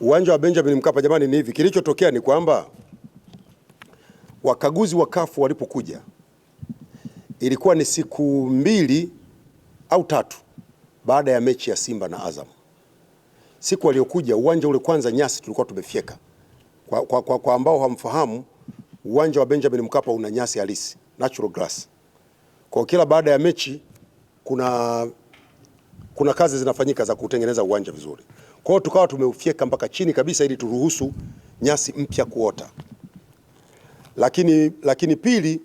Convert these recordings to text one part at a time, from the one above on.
uwanja wa Benjamin Mkapa. Jamani, ni hivi, kilichotokea ni kwamba wakaguzi wa kafu walipokuja, ilikuwa ni siku mbili au tatu baada ya mechi ya Simba na Azam. Siku waliokuja uwanja ule, kwanza nyasi tulikuwa tumefyeka. Kwa, kwa, kwa, kwa ambao hamfahamu uwanja wa Benjamin Mkapa una nyasi halisi, natural grass. Kwa kila baada ya mechi kuna kuna kazi zinafanyika za kutengeneza uwanja vizuri. Kwa hiyo tukawa tumeufyeka mpaka chini kabisa ili turuhusu nyasi mpya kuota. Lakini, lakini pili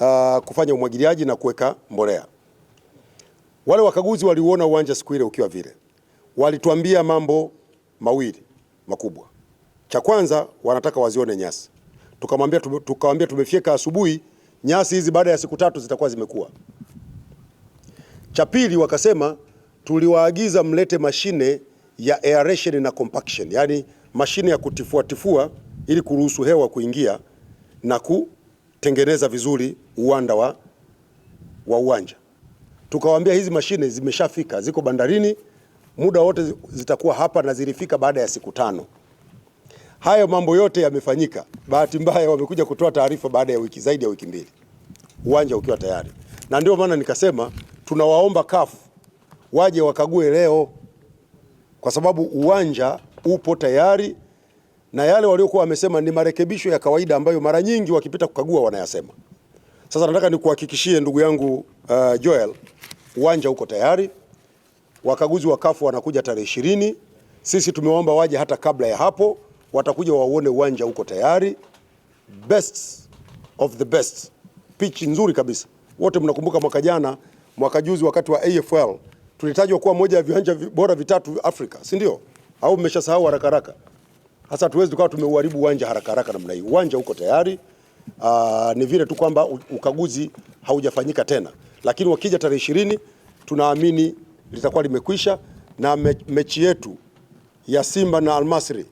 uh, kufanya umwagiliaji na kuweka mbolea. Wale wakaguzi waliuona uwanja siku ile ukiwa vile, walituambia mambo mawili makubwa. Cha kwanza wanataka wazione nyasi, tukamwambia tukamwambia, tumefyeka asubuhi, nyasi hizi baada ya siku tatu zitakuwa zimekuwa. Cha pili wakasema tuliwaagiza mlete mashine ya aeration na compaction, yani mashine ya kutifuatifua ili kuruhusu hewa kuingia na kutengeneza vizuri uwanda wa, wa uwanja. Tukawaambia hizi mashine zimeshafika, ziko bandarini, muda wote zitakuwa hapa, na zilifika baada ya siku tano. Hayo mambo yote yamefanyika. Bahati mbaya wamekuja kutoa taarifa baada ya wiki zaidi ya wiki mbili, uwanja ukiwa tayari, na ndio maana nikasema tunawaomba CAF waje wakague leo kwa sababu uwanja upo tayari na yale waliokuwa wamesema ni marekebisho ya kawaida ambayo mara nyingi wakipita kukagua wanayasema. Sasa nataka nikuhakikishie ndugu yangu uh, Joel, uwanja uko tayari. Wakaguzi wa kafu wanakuja tarehe ishirini. Sisi tumewaomba waje hata kabla ya hapo, watakuja wauone uwanja uko tayari, best of the best, pitch nzuri kabisa. Wote mnakumbuka mwaka jana, mwaka juzi, wakati wa AFL tulitajwa kuwa moja ya viwanja bora vitatu Afrika, si ndio? Au mmeshasahau haraka haraka? Sasa tuwezi tukawa tumeuharibu uwanja haraka haraka namna hii. Uwanja uko tayari. Aa, ni vile tu kwamba ukaguzi haujafanyika tena, lakini wakija tarehe ishirini tunaamini litakuwa limekwisha, na me, mechi yetu ya Simba na Almasri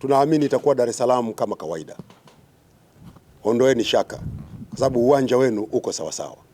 tunaamini itakuwa Dar es Salaam kama kawaida. Ondoeni shaka, kwa sababu uwanja wenu uko sawasawa.